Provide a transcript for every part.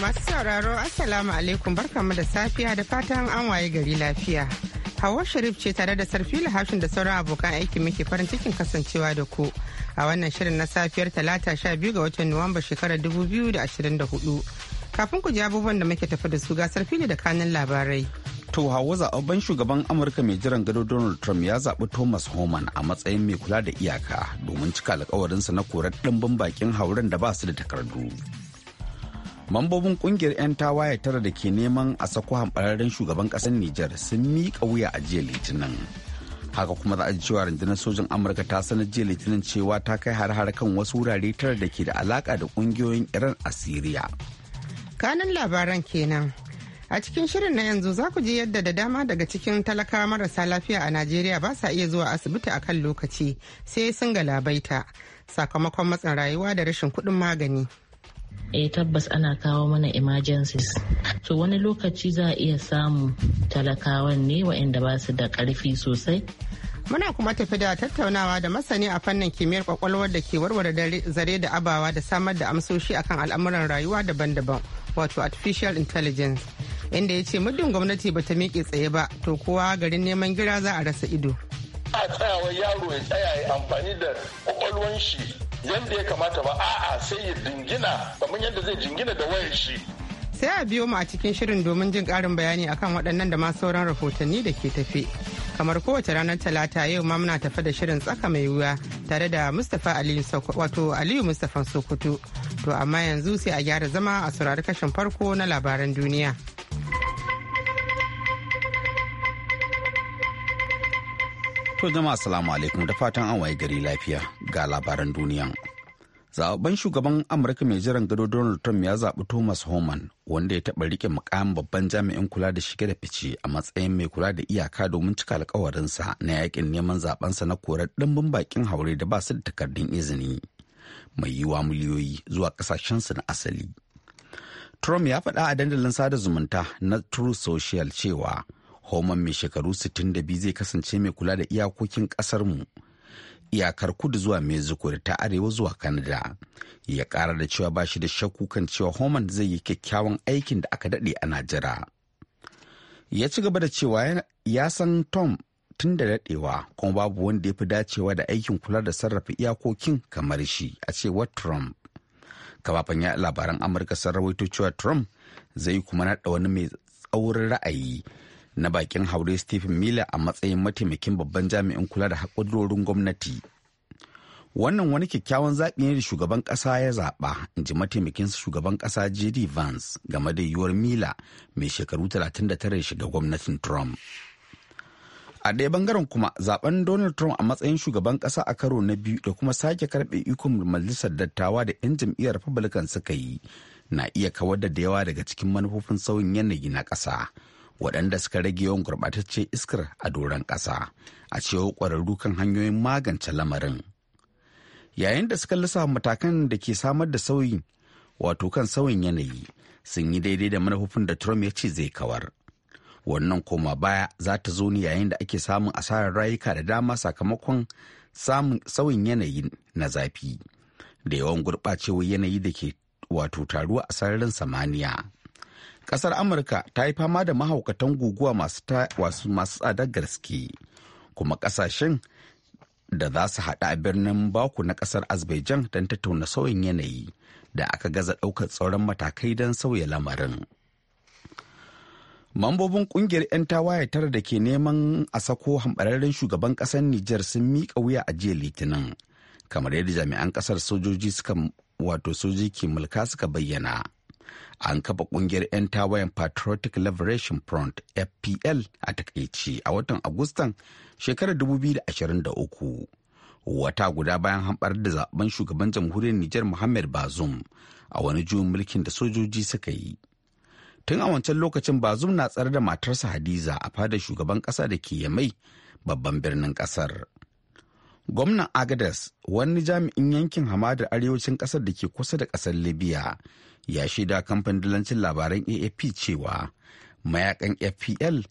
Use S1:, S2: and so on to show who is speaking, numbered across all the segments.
S1: Masu sauraro Assalamu alaikum barkamu da safiya da fatan an waye gari lafiya. Hawa Sharif ce tare da Sarfila Lahashin da sauran abokan aiki muke farin cikin kasancewa da ku a wannan shirin na safiyar talata sha biyu ga watan Nuwamba shekarar dubu biyu da ashirin da hudu. Kafin ku ji abubuwan da muke tafi da su ga Sarfi da kanin labarai. To hawa zaɓaɓɓen shugaban
S2: Amurka mai jiran gado Donald Trump ya zaɓi Thomas Homan a matsayin mai kula da iyaka domin cika alkawarinsa na korar ɗimbin bakin hauren da ba su da takardu. mambobin kungiyar 'yan tawaye tara da ke neman a sako hambararren shugaban kasar Nijar sun miƙa wuya a jiya litinin haka kuma za a ji cewa rundunar sojin amurka ta sanar jiya litinin cewa ta kai har-har kan wasu wurare tara da ke da alaka da kungiyoyin iran a siriya
S1: kanin labaran kenan a cikin shirin na yanzu za ku ji yadda da dama daga cikin talakawa marasa lafiya a najeriya ba sa iya zuwa asibiti a kan lokaci sai sun galabaita sakamakon matsin rayuwa da rashin kuɗin magani
S3: eh tabbas ana kawo mana emergencies so wani lokaci za a iya samu talakawan ne waɗanda ba su da karfi sosai
S1: muna kuma tafi da tattaunawa da masani a fannin kimiyyar kwakwalwar da ke warware zare da abawa da samar da amsoshi akan al'amuran rayuwa daban-daban wato artificial intelligence inda ya ce muddin gwamnati ba ta miƙe tsaye ba to kowa garin neman gira za a rasa ido
S4: a tsayawa yaro ya tsaya ya amfani da kwakwalwan shi yadda ya kamata ba a'a sai ya dingina kamar yadda zai jingina da wayar shi
S1: sai a biyo mu a cikin shirin domin jin karin bayani akan waɗannan da ma sauran rahotanni da ke tafe kamar kowace ranar talata yau ma muna tafe da shirin tsaka mai wuya tare da mustapha aliyu wato aliyu mustapha sokoto to amma yanzu sai a gyara zama a saurari kashin farko na labaran duniya.
S2: To jama'a salamu alaikum da fatan an waye gari lafiya ga labaran duniya. Zaɓen shugaban Amurka mai jiran gado Donald Trump ya zaɓi Thomas Homan wanda ya taɓa rike mukamin babban jami'in kula da shige da fice a matsayin mai kula da iyaka domin cika alkawarinsa na yakin neman zaɓensa na korar ɗimbin bakin haure da ba su da takardun izini. Mai yiwa miliyoyi zuwa ƙasashensu na asali. Trump ya faɗa a dandalin sada zumunta na True Social cewa Homan mai shekaru 62 zai kasance mai kula da iyakokin mu iyakar kudu zuwa Mexico da ta arewa zuwa Canada. Ya kara da cewa ba shi da shakku kan cewa Homan zai yi kyakkyawan aikin da aka daɗe a najera Ya ci gaba da cewa ya san Tom tun da daɗewa kuma babu wanda ya fi dacewa da aikin kula da sarrafa iyakokin kamar shi a cewar Trump. Kafafen ya labaran Amurka sun rawaito cewa Trump zai kuma naɗa wani mai tsaurin ra'ayi na bakin haure stephen miller a matsayin mataimakin babban jami'in kula da haƙurorin gwamnati wannan wani kyakkyawan zaɓi ne da shugaban ƙasa ya zaɓa in ji mataimakin shugaban ƙasa jd vance game da yiwuwar mila mai shekaru 39 shiga gwamnatin trump a ɗaya bangaren kuma zaɓen donald trump a matsayin shugaban ƙasa a karo na biyu da kuma sake karɓe ikon majalisar dattawa da 'yan jam'iyyar republican suka yi na iya kawar da da yawa daga cikin manufofin sauyin yanayi na ƙasa waɗanda suka rage yawan gurɓataccen iskar a doron ƙasa a cewa ƙwararru kan hanyoyin magance lamarin yayin da suka lissa matakan da ke samar da sauyi wato kan sauyin yanayi sun yi daidai da manufofin da trump ya ce zai kawar wannan koma baya za ta zo ne yayin da ake samun asarar rayuka da dama sakamakon samun sauyin yanayi na zafi da yawan gurɓacewar yanayi da ke wato taruwa a sararin samaniya kasar amurka ta yi fama da mahaukatan guguwa masu tsadar gaske kuma kasashen da za su haɗa a birnin baku na kasar azerbaijan don tattauna sauyin yanayi da aka gaza ɗaukar tsauran matakai don sauya lamarin mambobin kungiyar 'yan tawaye tara da ke neman a sako hambararren shugaban kasar Nijar sun miƙa wuya a jiya litinin kamar yadda jami'an kasar sojoji suka wato soji ke mulka suka bayyana an kafa kungiyar 'yan tawayen patriotic liberation front fpl a takaici a watan agustan shekarar 2023 wata guda bayan hamɓar da zaben shugaban jamhuriyar nijar muhammad bazum a wani juyin mulkin da sojoji suka yi tun a wancan lokacin bazum na tsare da matarsa hadiza a fadar shugaban ƙasa da ke yamai babban birnin ƙasar gwamnan agadas wani jami'in yankin hamadar arewacin ƙasar da ke kusa da ƙasar libya ya shaida kamfanin dalancin labaran AFP cewa mayakan FPL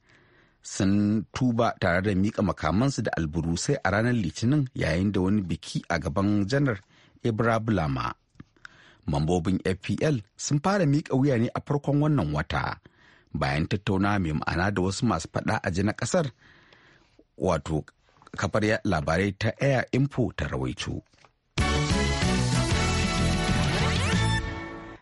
S2: sun tuba tare da mika makamansu da alburusai a ranar litinin yayin da wani biki a gaban janar ibra bulama mambobin fpl sun fara mika wuya ne a farkon wannan wata bayan tattauna mai ma'ana da wasu masu fada a ji na kasar wato kafar labarai ta air info ta rawaito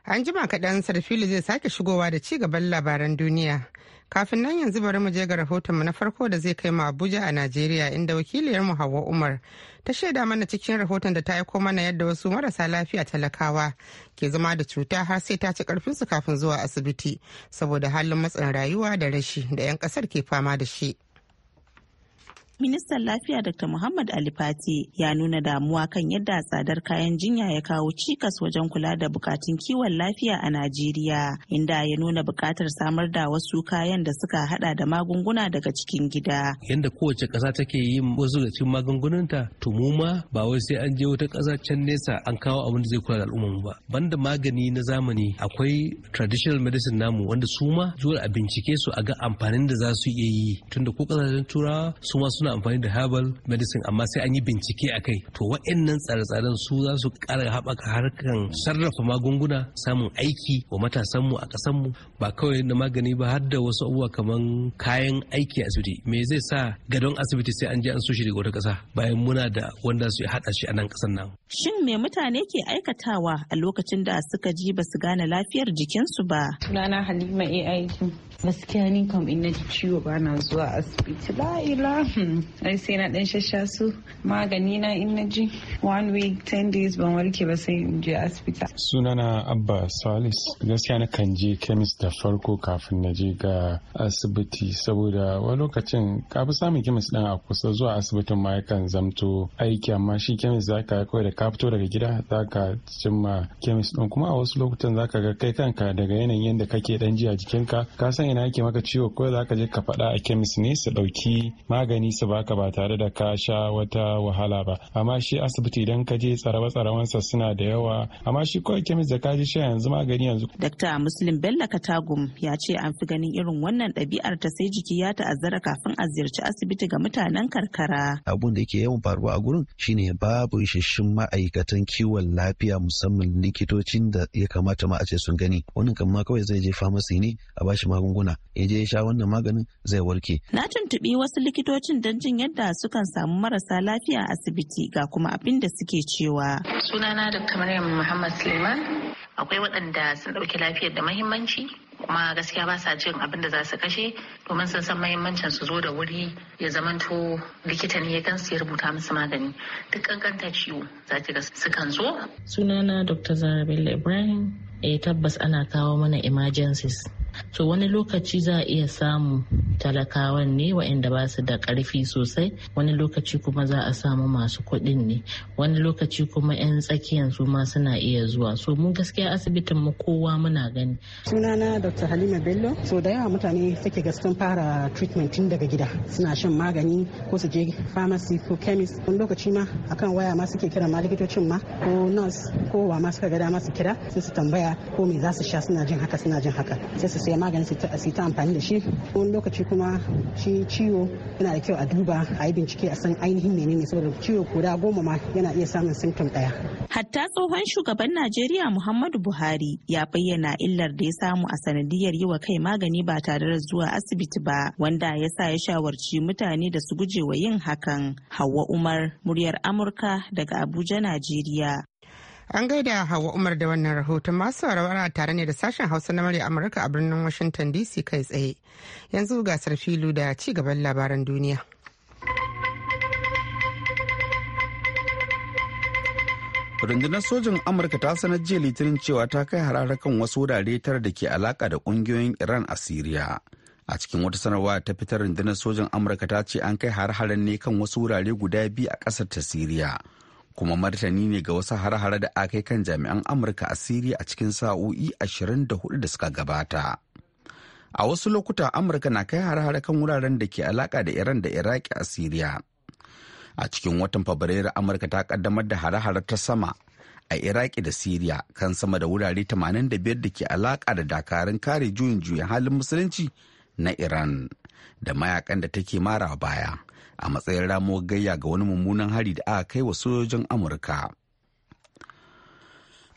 S1: An jima kaɗan Sarfilu zai sake shigowa da ci gaban labaran duniya. Kafin nan yanzu bari mu je ga rahotonmu na farko da zai kai mu Abuja a Najeriya inda wakiliyar mu Hauwa Umar ta shaida mana cikin rahoton da ta aiko mana yadda wasu marasa lafiya talakawa ke zama da cuta har sai ta ci karfinsu kafin zuwa asibiti saboda halin matsin rayuwa da rashi da 'yan ƙasar ke fama da shi.
S3: Ministan Lafiya Dr. Muhammad Ali Fati ya nuna damuwa kan yadda tsadar kayan jinya ya kawo cikas wajen kula da bukatun kiwon lafiya a Najeriya, inda ya nuna bukatar samar da wasu kayan da suka hada da magunguna daga cikin gida.
S2: Yadda kowace kasa take yi wasu da cikin magungunanta, to mu ma ba wai sai an je wata kasa can nesa an kawo abin da zai kula da al'umma ba. Banda magani na zamani akwai traditional medicine namu wanda su ma a bincike su a ga amfanin da za su iya yi tunda ko kasashen turawa su ma suna suna amfani da herbal medicine amma sai an yi bincike a kai to wa'annan tsare-tsaren su za su ƙara haɓaka harkar sarrafa magunguna samun aiki wa matasanmu a ƙasanmu ba kawai na magani ba har da wasu abubuwa kamar kayan aiki a asibiti me zai sa gadon asibiti sai an je an so shi daga wata ƙasa bayan muna da wanda su haɗa shi a nan ƙasar nan.
S3: Shin me mutane ke aikatawa a lokacin da suka ji ba su gane lafiyar jikinsu ba? Sunana Halima ai. gaskiya ni kam in na ji ciwo ba na zuwa asibiti la ila hmm, ai sai na dan shasha su magani na in na ji one week ten days ban warke ba sai in je asibiti
S5: sunana abba salis gaskiya na kan je kemis da farko kafin na je ga asibiti saboda wani lokacin ka fi samun kemis din a kusa zuwa asibitin ma yakan zamto aiki amma shi kemis zaka kawai da ka fito daga gida zaka cimma kemis din kuma a wasu lokutan zaka ga kai kanka daga yanayin yadda kake dan ji a jikinka ka san ina yake maka ciwo ko za ka je ka faɗa a kemis ne su ɗauki magani su baka ba tare da ka sha wata wahala ba amma shi asibiti idan ka je tsarawa tsarawansa suna da yawa amma shi kawai kemis da ka ji sha yanzu magani yanzu.
S3: Dakta Muslim Bello Katagum ya ce an fi ganin irin wannan ɗabi'ar ta sai jiki ya ta'azzara kafin a ziyarci asibiti ga mutanen karkara.
S2: Abun da yake yawan faruwa a gurin shine babu isasshen ma'aikatan kiwon lafiya musamman likitocin da ya kamata ma a ce sun gani. Wannan kan ma kawai zai je famasi ne a bashi magunguna magunguna ya je ya sha wannan maganin zai warke.
S3: Na tuntuɓi wasu likitocin don jin yadda sukan samu marasa lafiya a asibiti ga kuma abin da suke cewa. Sunana da kamar Muhammad Suleiman akwai waɗanda sun ɗauki lafiyar da mahimmanci kuma gaskiya ba sa jin abin da za su kashe domin sun san mahimmancin su zo da wuri ya zamanto likita ne ya gansu ya rubuta musu magani duk kankanta ciwo za ki ga sukan zo sunana dr zarabella ibrahim eh tabbas ana kawo mana emergencies to wani lokaci za a iya samu talakawan ne waɗanda ba su da karfi sosai wani lokaci kuma za a samu masu kuɗin ne wani lokaci kuma 'yan tsakiyan su ma suna iya zuwa so mun gaskiya asibitin mu kowa muna gani sunana dr halima bello so da yawa mutane take ga fara treatment tun daga gida suna shan magani ko su je pharmacy ko chemist wani lokaci ma akan waya ma suke kira ma likitocin ma ko nurse ko wa ma suka ga dama su kira sai su tambaya ko me za su sha suna jin haka suna jin haka sai su saya maganin su ta amfani da shi wani lokaci kuma shi ciwo yana da kyau a duba a yi bincike a san ainihin menene saboda ciwo koda goma ma yana iya samun symptom daya hatta tsohon shugaban najeriya muhammadu buhari ya bayyana illar da ya samu a sanadiyar yi wa kai magani ba tare da zuwa asibiti ba wanda ya sa ya shawarci mutane da su guje wa yin hakan hawa umar muryar amurka daga abuja najeriya
S1: An gaida Hawa Umar da wannan rahoton masu rawara tare ne da sashen Hausa na murya Amurka a birnin Washington DC kai tsaye. Yanzu gasar filu da ci gaban labaran duniya.
S2: rundunar sojin amurka ta sanar jiya litinin cewa ta kai harare kan wasu wurare tara da ke alaka da kungiyoyin iran a siriya a cikin wata sanarwa ta fitar rundunar sojin amurka ta ce an kai har-haren ne kan wasu wurare guda biyu a ƙasar ta siriya kuma martani ne ga wasu har-hare da aka yi kan jami'an amurka a siriya a cikin sa'o'i 24 da suka gabata a wasu lokuta amurka na kai har-hare kan wuraren da ke alaka da iran da iraki a siriya a cikin watan fabrairu amurka ta kaddamar da har-hare ta sama a iraki da siriya kan sama da wurare 85 da ke alaka da dakarun kare juyin juyin halin musulunci na iran da mayakan da take mara baya a matsayin ramo gayya ga wani mummunan hari da aka kai wa sojojin amurka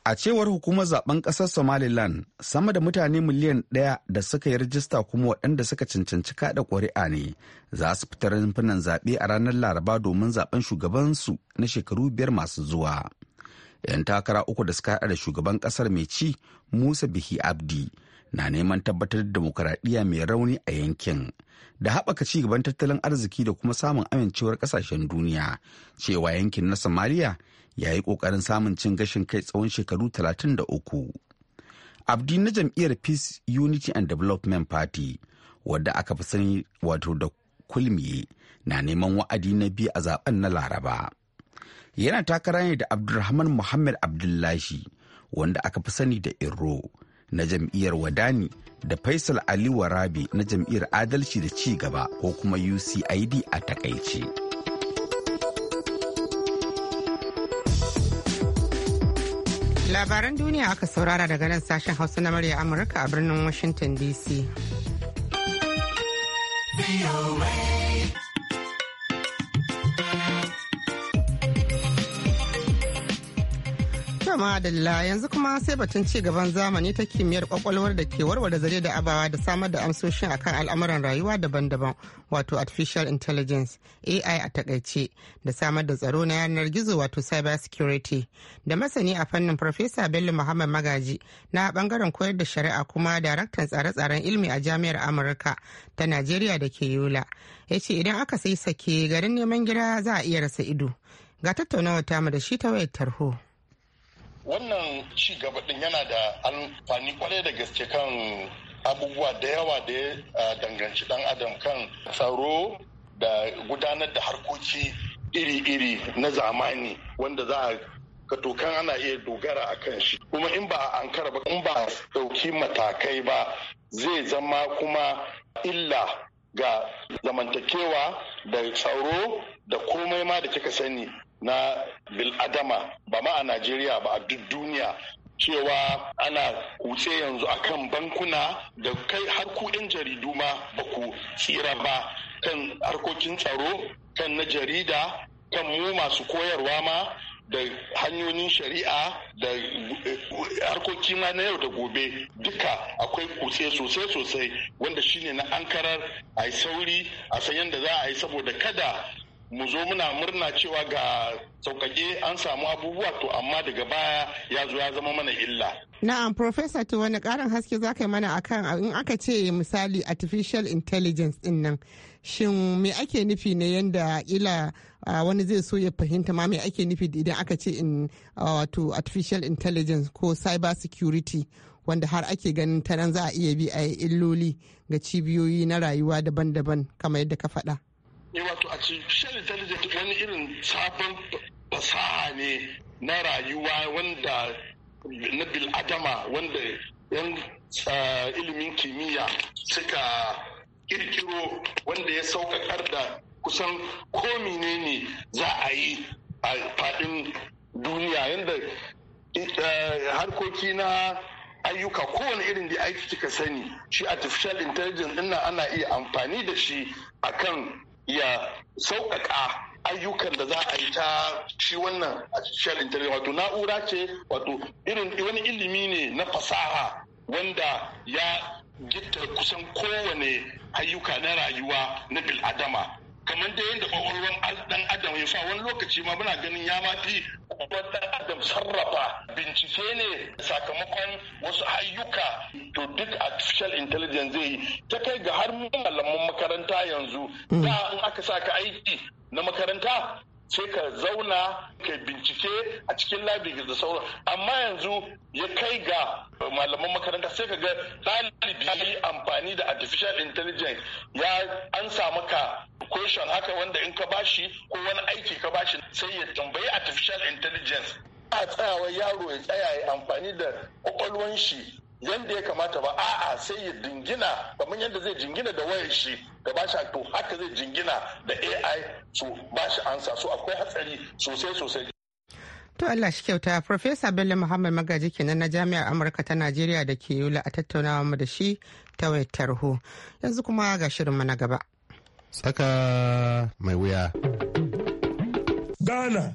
S2: a cewar hukumar zaben kasar somaliland sama da mutane miliyan daya da suka yi rajista kuma waɗanda suka cancanci kaɗa ƙuri'a ne za su fita rumfunan zaɓe a ranar laraba domin zaben shugabansu na shekaru biyar masu zuwa 'yan takara uku da suka haɗa da shugaban ƙasar mai ci musa bihi abdi na neman tabbatar da demokuraɗiyya mai rauni a yankin da haɓaka ci gaban tattalin arziki da kuma samun amincewar ƙasashen duniya cewa yankin na somaliya ya yi ƙoƙarin samun cin gashin kai tsawon shekaru talatin 33 abdi na jam'iyyar peace unity and development party wadda aka fi sani wato da kulmiye na neman wa'adi na biyu a zaben na laraba yana takara ne da abdulrahman muhammad abdullahi wanda aka fi sani da irro na jam'iyyar Wadani da Faisal Ali Warabi na jam'iyyar Adalci da Ci Gaba ko kuma UCID a takaice.
S1: Labaran duniya aka saurara daga nan sashen Hausa na murya Amurka a birnin Washington DC. madalla yanzu kuma sai batun ci gaban zamani ta kimiyyar kwakwalwar da ke warware zare da abawa da samar da amsoshin akan al'amuran rayuwa daban-daban wato artificial intelligence ai a takaice da samar da tsaro na yanar gizo wato cyber security da masani a fannin farfesa bello muhammad magaji na bangaren koyar da shari'a kuma daraktan tsare-tsaren ilimi a jami'ar amurka ta najeriya da ke yola ya ce idan aka sai sake garin neman gida za a iya rasa ido ga tattaunawa tamu da shi ta wayar tarho.
S4: wannan ci gaba din yana da amfani kwarai da gaske kan abubuwa da yawa da ya danganci dan adam kan tsaro da gudanar da harkoki iri-iri na zamani wanda za a katokan ana iya dogara a kan shi kuma in ba a ankara ba in ba a ɗauki matakai ba zai zama kuma illa ga zamantakewa da tsaro da komai ma da kika sani na biladama ba ma a najeriya ba a duk duniya cewa ana kutse yanzu akan bankuna da kai har ku 'yan jaridu ma ba ku tsira ba kan harkokin tsaro kan na jarida kan mu masu koyarwa ma da hanyoyin shari'a da eh, harkoki ma na yau da gobe duka akwai kutse sosai sosai wanda shine na ankarar a yi sauri a san yadda za a yi saboda kada mu zo muna murna cewa ga sauƙaƙe an samu abubuwa to amma daga baya ya zo ya zama mana illa.
S1: Na'am Professor to wani ƙarin haske za ka yi mana akan in aka ce misali artificial intelligence din nan shin me ake nufi ne yanda ila wani zai so ya fahimta ma me ake nufi idan aka ce in wato artificial intelligence ko cyber security wanda har ake ganin ta nan za a iya bi a yi illoli ga cibiyoyi na rayuwa daban-daban kamar yadda ka faɗa.
S4: ne eh, wato artificial intelligence wani irin sabon fasaha ne na rayuwa wanda na bil'adama wanda yan eh, ilimin kimiyya suka kirkiro wanda ya sauƙaƙar da kusan komi ne ne za a yi a faɗin duniya yadda eh, harkoki na ayyuka kowane irin da aiki kika sani shi artificial intelligence ɗin ana iya amfani da shi akan ya sauƙaƙa ayyukan da za a yi ta shi wannan artificial intelligence wato na'ura ce wato irin wani ilimi ne na fasaha wanda ya gitta kusan kowane ayyuka na rayuwa na bil'adama kamar da yadda kwakwalwar dan adam ya sa wani lokaci ma muna ganin ya mafi kwakwalwar dan adam sarrafa bincike ne sakamakon wasu ayyuka to duk artificial intelligence zai yi ta kai ga har malaman makaranta yanzu da in aka sa ka aiki na makaranta sai ka zauna ka bincike a cikin labi da sauran amma yanzu ya kai ga malaman makaranta sai ka ga ɗalibi amfani da artificial intelligence ya an samu ka question haka wanda in ka bashi ko wani aiki ka bashi sai ya tambayi artificial intelligence a tsayawa yaro ya tsaya ya amfani da kwakwalwan shi yadda ya kamata ba a'a sai ya jingina kamar yadda zai jingina da wayar shi da bashi to haka zai jingina da AI su shi ansa su akwai hatsari sosai sosai
S1: To Allah shi kyauta Profesa Bello Muhammad Magaji kenan na Jami'ar Amurka ta Najeriya da ke yula a tattaunawa mu da shi ta wayar tarho. Yanzu kuma ga shirin mu na gaba. Tsaka mai wuya. Ghana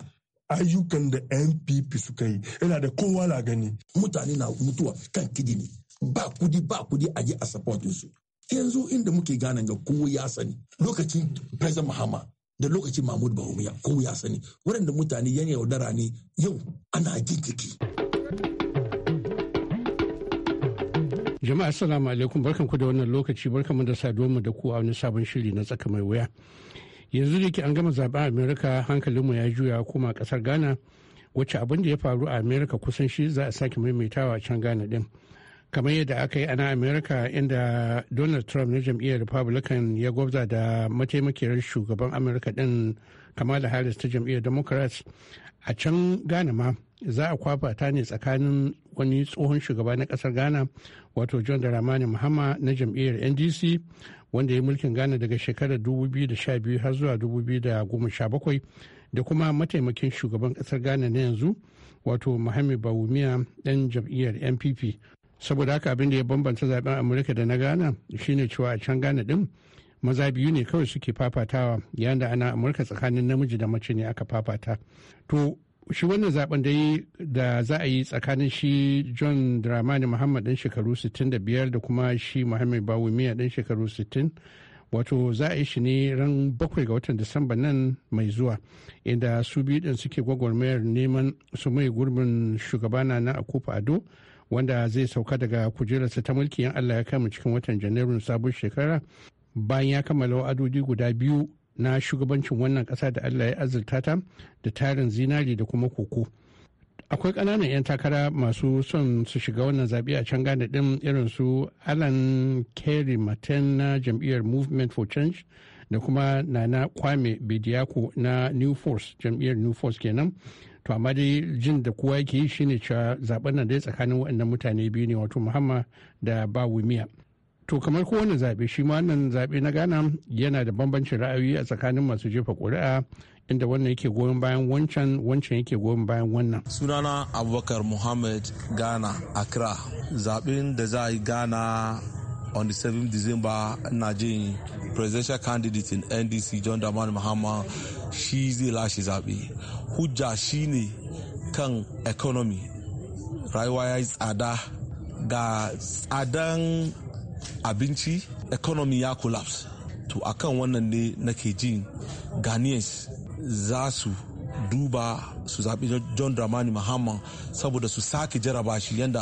S1: ayyukan da npp
S5: suka
S6: yi yana da kowa na gani mutane na mutuwa kan kidini ba kudi ba kudi a yi a support su yanzu inda muke gane ga kowa ya sani lokacin president mahama da lokacin mahmud bahumiya kowa ya sani waɗanda mutane yan yaudara ne yau ana
S7: jin ciki jama'a assalamu alaikum barkan da wannan lokaci barkan mu da saduwar mu da ku a wani sabon shiri na tsaka mai wuya yanzu da ke an gama zaben amerika hankalinmu ya juya kuma kasar ghana wacce abin da ya faru a amerika kusan shi za a sake maimaitawa can ghana din kamar yadda aka yi ana amerika inda donald trump na jam'iyyar republican ya gwabza da mataimakiyar shugaban amurka din kamala harris ta jam'iyyar democrats a can ghana ma za a kwafa ta ne tsakanin wani tsohon shugaba na kasar ghana wato john dramani muhammad na jam'iyyar ndc wanda ya mulkin ghana daga shekarar 2012 har zuwa 2017 da kuma mataimakin shugaban kasar ghana na yanzu wato muhammad bawumia dan jam'iyyar npp saboda haka abin da ya bambanta zaben amurka da na ghana shine cewa a can ghana din maza biyu ne kawai suke fafatawa yayin da ana amurka tsakanin namiji da mace ne aka fafata to shi wannan zaben da da za a yi tsakanin shi john dramani muhammad dan shekaru 65 da kuma shi muhammad miya dan shekaru 60 wato za a yi shi ne ran bakwai ga watan disamba nan mai zuwa inda su biyu din suke gwagwarmayar neman su mai gurbin shugabana na akufa ado wanda zai sauka daga kujerarsa ta mulki yan allah ya kama cikin watan janairun sabon shekara bayan ya kammala wa'adodi guda biyu na shugabancin wannan ƙasa da allah ya azurta ta da tarin zinari da kuma koko akwai kananan 'yan takara masu son su shiga wannan zaɓe a can gane ɗin irin su alan kerry martin na jam'iyyar movement for change da kuma nana kwame bediako na new force jam'iyyar new force kenan to amma dai jin da kowa yake yi shine cewa zaben nan dai tsakanin waɗannan mutane biyu ne wato muhammad da ba wumiya To kamar kowane zaɓe shi ma wannan zaɓe na Ghana yana da bambancin ra'ayoyi a tsakanin masu jefa ƙuri'a inda wannan yake goyon bayan wancan wancan yake goyon bayan wannan. Sunana
S6: Abubakar Muhammad Ghana Accra zaɓen da za a yi Ghana on the 7th December na jin presidential candidate in NDC John Dramani Mahama shi zai lashe zaɓe. Hujja shi ne kan economy rayuwa ya yi tsada ga tsadan abinci economy ya collapse to akan wannan ne nake jin ghanaians za su duba su zaɓi john dramani mahama saboda su sake jaraba shi yadda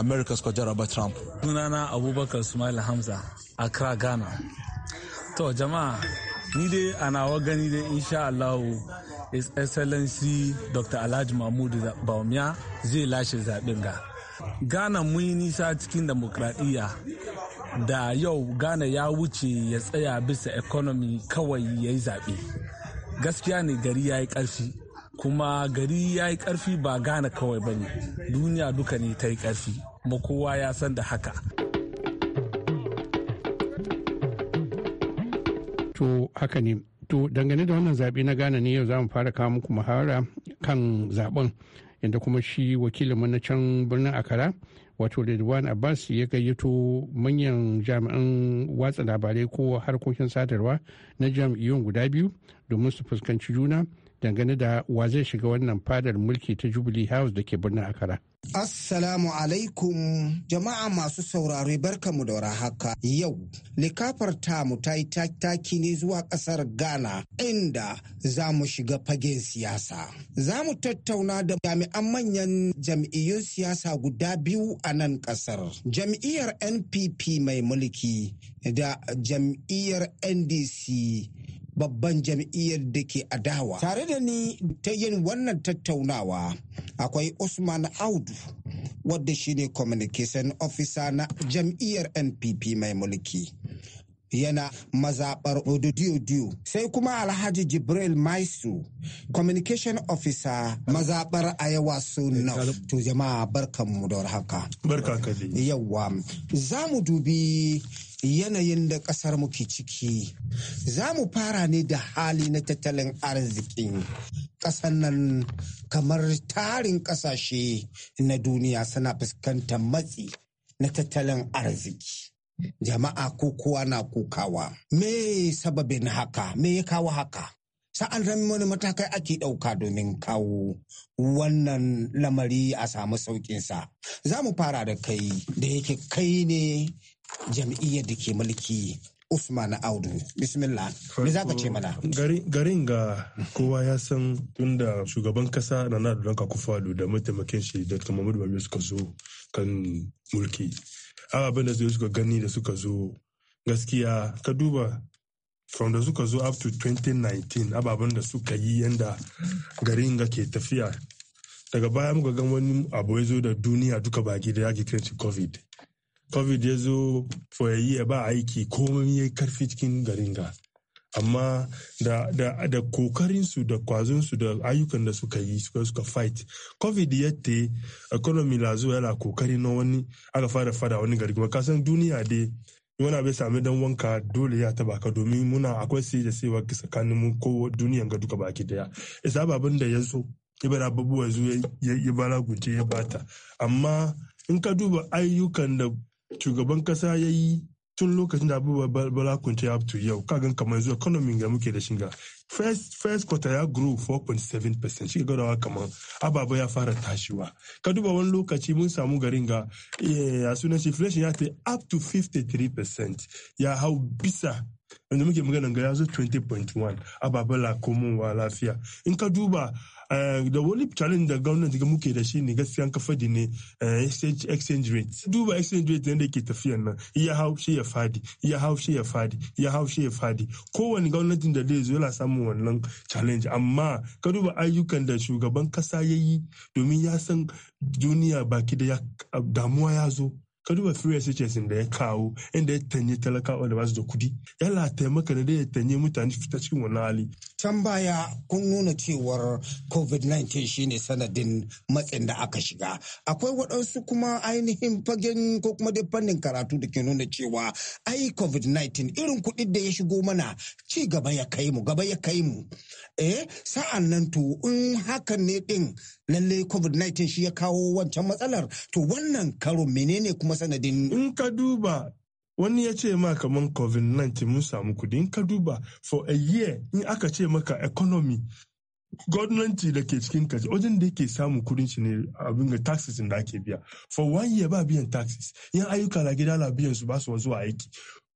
S6: america suka jaraba trump sunana abubakar
S3: sumail hamza
S6: accra ghana to jama'a ni dai a nawa gani dai insha allahu his excellency dr alhaji mahmud baumia zai lashe zaɓen ga ghana mun yi nisa cikin demokradiyya da yau ghana ya wuce ya tsaya bisa economy kawai ya yi zaɓe gaskiya ne gari ya yi ƙarfi kuma gari ya yi ƙarfi ba ghana kawai ba ne duniya duka ne ta yi ƙarfi kuma kowa ya san da haka
S7: to haka ne to dangane da wannan zaɓe na ghana ne yau za mu fara kawo muku muhawara kan zaɓen inda kuma shi wakilinmu na can birnin akara wato redwan abbas ya gayyato manyan jami'an watsa labarai ko harkokin sadarwa na jam'iyyun guda biyu domin su fuskanci juna dangane da wa zai shiga wannan fadar mulki ta jubilee house da ke birnin akara
S8: Assalamu alaikum jama'a masu saurare mu da haka yau likafar tamu ta yi taki ne zuwa kasar Ghana inda za mu shiga fagen siyasa. Za mu tattauna da jami'an manyan jam'iyyun siyasa guda biyu a nan kasar. Jam'iyyar NPP mai mulki da jam'iyyar NDC babban jam'iyyar da ke adawa. Tare da ni ta yin wannan tattaunawa akwai Usman Audu wadda shine communication officer na jam'iyyar NPP mai mulki. yana mazaɓar diyo-diyo, sai kuma Alhaji Jibril Maisu Communication Officer mazabar Ayawa na To jama'a barkan mu da haka. Barkanka Yawwa. Za mu dubi yanayin da ƙasar muke ciki. Za mu fara ne da hali na tattalin arzikin ƙasar nan kamar tarin ƙasashe na duniya suna fuskantar matsi na tattalin arziki. jama'a ko kowa na kokawa me sababin haka me ya kawo haka sa'an ran wani matakai ake ɗauka domin kawo wannan lamari a samu sauƙinsa za mu fara da kai da yake kai ne jam'iyyar da ke mulki Usman Audu. Bismillah. Me za ka ce mana?
S5: Garin ga kowa ya san tunda shugaban kasa na Nadu Danka Kufalu da mataimakin shi da Muhammadu suka zo kan mulki. abin da suka gani da suka zo gaskiya ka duba from da suka zo up to 2019 ababen da suka yi yanda garin ga ke tafiya daga baya muka gan wani abu ya zo da duniya duka baki da yaki kiranci covid covid ya zo for a year ba aiki komai ya karfi cikin garin ga amma da da da kokarin su da kwazon su da ayyukan da suka yi suka suka fight covid te economy la zuwa yana kokari na wani aka fara fada wani gari kuma kasan duniya dai wani abin sami dan wanka dole ya taba ka domin muna akwai sai da saiwa tsakanin mu ko duniyan ga duka baki daya isa babin da ya zo ibara abubuwa zuwa ya balagunce ya bata amma in ka duba ayyukan da shugaban kasa ya yi tun lokacin da abubuwa bala kunce up to yau kagan kamar zuwa economy ga muke da shinga first first quarter ya grow 4.7 percent shi gadawa kamar ababa ya fara tashiwa ka duba wani lokaci mun samu garin ga eh, a sunan shi inflation ya ta up to 53 ya hau bisa wanda muke magana ga ya zo 20.1 ababa la komowa lafiya in ka duba da eh, wani challenge da gwamnati ga muke da shi ne gaskiyan kafadi ne eh, exchange rate duba exchange rate yadda ke tafiyan nan ya hau shi ya fadi ya hau shi ya fadi ya hau shi ya fadi kowane gwamnatin da zai zo yana samun wannan challenge amma ka duba ayyukan da shugaban kasa ya yi domin ya san duniya baki da damuwa ya zo ka duba free SHS da ya kawo inda ya tanye talakawa da su da kudi yana taimaka da ya tanye mutane fita cikin wani hali. Can baya kun nuna cewar COVID-19 shine sanadin matsin da
S8: aka shiga. Akwai waɗansu kuma ainihin fagen ko kuma dai fannin karatu da ke nuna cewa ai COVID-19 irin kuɗi da ya shigo mana ci gaba ya kai mu gaba ya kai mu. Eh sa'an nan to in hakan ne ɗin lalle covid-19 shi
S5: ya kawo wancan matsalar to wannan karo menene kuma sanadin in ka duba wani ya ce ma kamar covid-19 mun samu kudi in ka duba for a year in aka ce maka economy gwamnati da ke cikin kaji wajen da yake samun kudin shi ne abin ga taxes da ake biya for one year ba biyan taxes yan ayyuka na gida na biyan su ba su zuwa aiki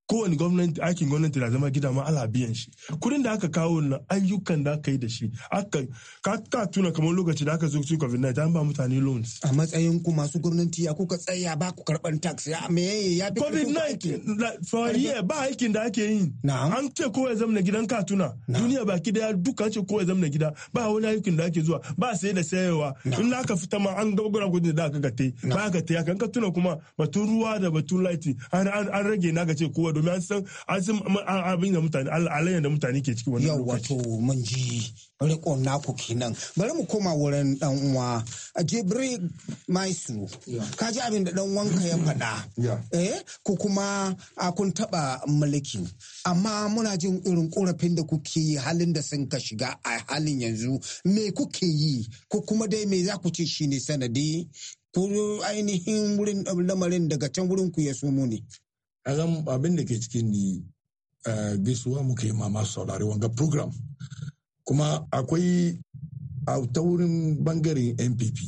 S5: kowane gwamnati aikin gwamnati na zama gida ma ala biyan shi kudin da aka kawo na ayyukan da aka yi da shi aka ka tuna kamar lokaci da aka zo su covid 19 an ba mutane loans a matsayin ku masu gwamnati ya kuka tsaya ba ku karban tax ya me ya bi covid 19 for year ba aikin da ake yi an ce kowa ya zama gidan ka tuna duniya baki daya duka ce kowa ya zama gida ba wani aikin da ake zuwa ba sai da sayarwa in aka fita ma an gaba kudin da aka gate ba ka te aka tuna kuma batun ruwa da batun light an rage na ga ce kowa domin an san an san abin da mutane alayyar da mutane ke ciki wannan lokaci.
S8: mun ji rikon naku kenan bari mu koma wurin dan uwa Jibri Maisu ka ji abin da dan wanka ya faɗa eh ko kuma kun taɓa mulki amma muna jin irin korafin da kuke yi halin da sun ka shiga a halin yanzu me kuke yi ko kuma dai me za ku ce shine sanadi ko ainihin wurin lamarin daga can wurin ku ya sumu ne.
S6: kagan abin da ke cikin ni eh, gaisuwa muka yi mama saurari wanga program kuma akwai a taurin bangaren npp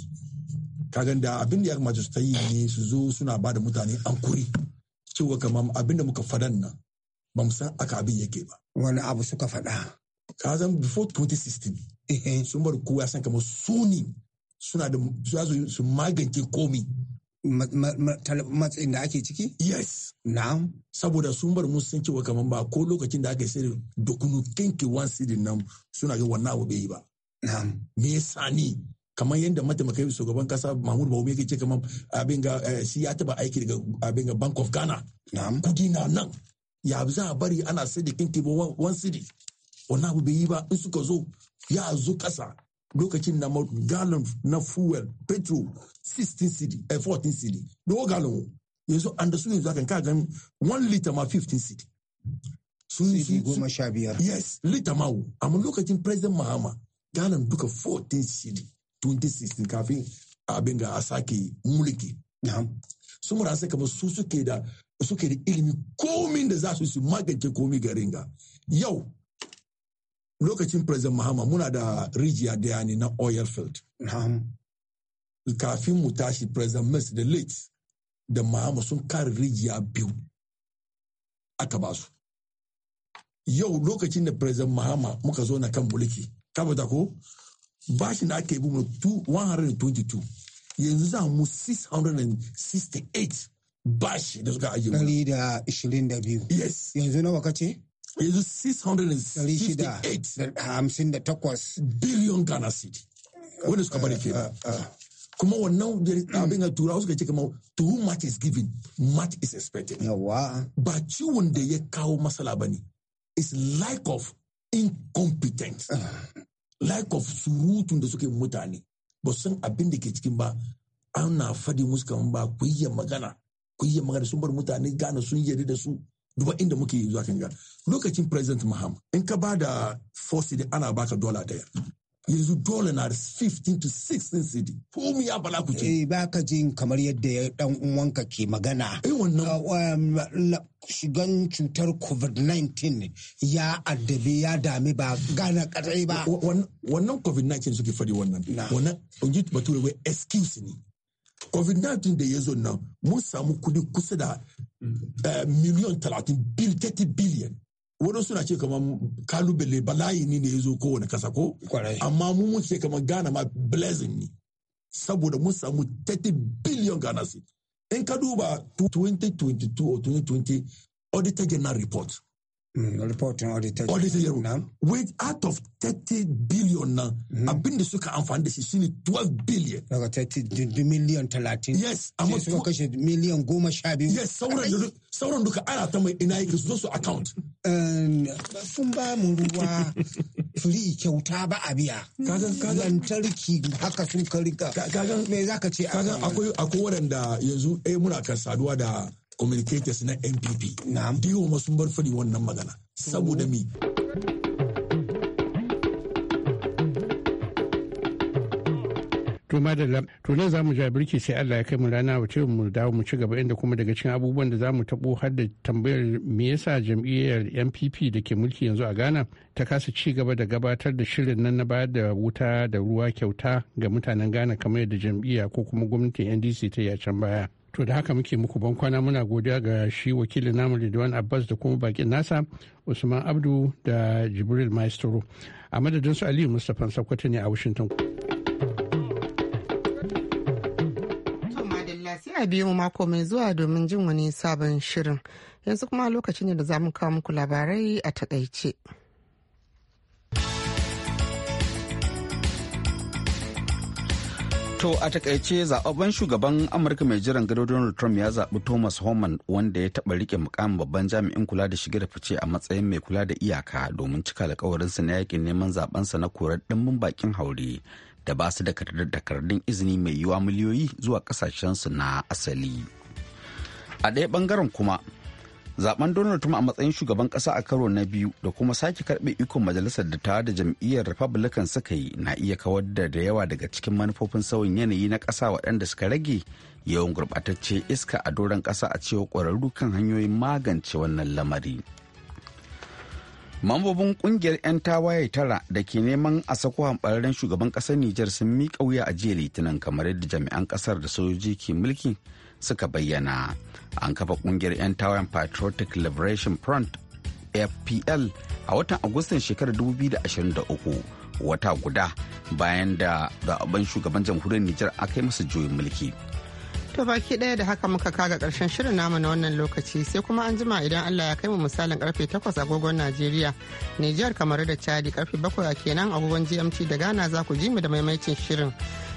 S6: kagan da abin da ya kamata su ta yi ne su zo suna ba da mutane an kuri cewa kamar abin da muka fadan nan ba mu san aka abin yake ba wani abu suka faɗa zan before 2016 sun bar kowa san kamar su ne suna da su magance komi matsayin da ake ciki? Yes. Na'am. Saboda sun bar mun sun cewa kamar ba ko lokacin da aka yi sirri da kunu kinki wan da nan suna yi wannan abu bai yi ba. Na'am. Me yasa ni kamar yadda mataimakai shugaban kasa Mahmud Bawumi yake ce kamar abin ga eh, shi ya taba aiki daga abin ga Bank of Ghana. Na'am. Kudi na nan. Ya za a bari ana sirri kinki wan sidi. Wannan abu bai yi ba in suka zo ya zo kasa lokacin na gallon na fuel petrol 16 cd a 14 cd dogon gallon yanzu an da su yanzu akan ka gan 1 liter ma 15 cd sun su goma sha biyar yes liter ma wo amma lokacin president mahama gallon duka 14 cd 2016 kafin abin da a sake mulki su mura sai kamar su suke da suke da ilimi komin da za su su magance komi garin ga yau lokacin president mahama muna da rijiya daya ne na oil field kafin mu tashi president mills da late da mahama sun kare rijiya biyu aka ba su yau lokacin da president mahama muka zo na kan mulki kabata ko bashi na ake bi 122 yanzu za mu 668 bashi da suka ajiye 122 yes yanzu nawa kace yanzu 658
S8: billion Ghana city wanda suka bari ke
S6: kuma wannan abin a turawa suka ce kama to who much is given much is expected ba ciwon da ya kawo masala ba ne is lack of incompetence uh. lack of surutun da suke mutane ba san abin da ke cikin ba ana fadi musu kamar ba ku yi magana ku yi magana sun bar mutane gane sun yarda da su duba inda muke yi zuwa kanga lokacin president maham in ka ba da force da ana baka dola daya yanzu dole na 15 to 16 cd ko mu ya bala ku ce eh
S8: ka jin kamar yadda ya dan uwanka ke magana eh wannan ah, um, shigan cutar covid-19 ya addabi ya dami ba gana
S6: kadai ba wannan covid-19 suke fadi wannan wannan ungit bature wai excuse ne covid-19 da ya zo nan mun samu kudi kusa da eh, miliyan talatin bil 30 biliyan wani suna ce kamar kalubale balayi ne ne ya zo kowane kasa ko amma mun mun ce kamar gana ma blessing ne saboda mun samu 30 biliyan ghana in ka duba 2022 or 2020 auditor general report Mm, reporting audited. Audited yaro. Na. With out of 30 billion nan mm. Mm-hmm. abin da suka amfani da shi shine 12 billion. Daga 30 miliyan 30. Yes. Amma suka
S8: kashe miliyan goma sha biyu. Yes, sauran sauran duka ana ta mai ina yake su zo su account. Sun ba mu ruwa free kyauta ba a biya. Kagan kagan lantarki haka sun karika rika.
S6: Kagan me zaka ce? Kagan akwai akwai waɗanda yanzu eh muna kan saduwa da communicators na npp
S7: diwo ma sun bar fari wannan magana saboda mi to madalla to nan zamu ja birki sai Allah ya kai mu rana ce mu dawo mu ci gaba inda kuma daga cikin abubuwan da zamu taɓo har da tambayar me yasa jam'iyyar MPP da ke mulki yanzu a Ghana ta kasa ci gaba da gabatar da shirin nan na bayar da wuta da ruwa kyauta ga mutanen Ghana kamar yadda jam'iyya ko kuma gwamnatin NDC ta yi a can baya to da haka muke muku bankwana muna godiya ga shi wakilin namu Ridwan Abbas da kuma bakin nasa Usman Abdu da Jibril Maestro a madadin su Aliyu Mustapha Sakwato ne a Washington.
S1: sai a biyu mako mai zuwa domin jin wani sabon shirin yanzu kuma lokaci ne da za mu kawo muku labarai a takaice.
S2: To a takaice zaɓaɓɓen shugaban Amurka mai jiran gado Donald Trump ya zaɓi Thomas Homan wanda ya taɓa rike mukamin babban jami'in kula da shige da fice a matsayin mai kula da iyaka domin cika alkawarinsa na yakin neman sa na korar ɗimbin bakin haure da ba su da takardun izini mai yiwa miliyoyi zuwa ƙasashensu na asali. A ɗaya ɓangaren kuma zaben donald trump a matsayin shugaban kasa a karo na biyu da kuma sake karbe ikon majalisar da ta da jam'iyyar republican suka yi na iya kawar da da yawa daga cikin manufofin sauyin yanayi na kasa waɗanda suka rage yawan gurɓatacce iska a doron kasa a cewa ƙwararru kan hanyoyin magance wannan lamari mambobin kungiyar 'yan tawaye tara da ke neman a sako hambararren shugaban ƙasar nijar sun miƙa wuya a jiya litinin kamar yadda jami'an ƙasar da sojoji ke mulki suka bayyana an kafa kungiyar 'yan tawayen patriotic liberation front fpl a watan agustan shekarar 2023 wata guda bayan da zaɓen shugaban jamhuriyar nijar aka yi masa juyin mulki
S1: To baki ɗaya da haka muka kaga ƙarshen shirin namu na wannan lokaci sai kuma an jima idan Allah ya kai mu misalin karfe 8 agogon Najeriya, Nijar kamar da Chadi karfe 7 kenan agogon GMT da Ghana za ku ji mu da maimaicin shirin.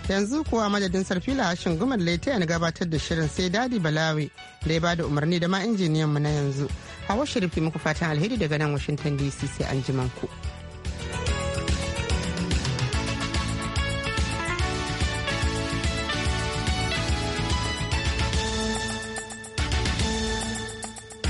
S1: yanzu kuwa madadin sarfi la hashin gumar laita ya gabatar da shirin sai dadi balawi da ya ba da umarni da ma injiniyan mu na yanzu hawa shirifi muku fatan alheri daga nan washington dc sai an ku.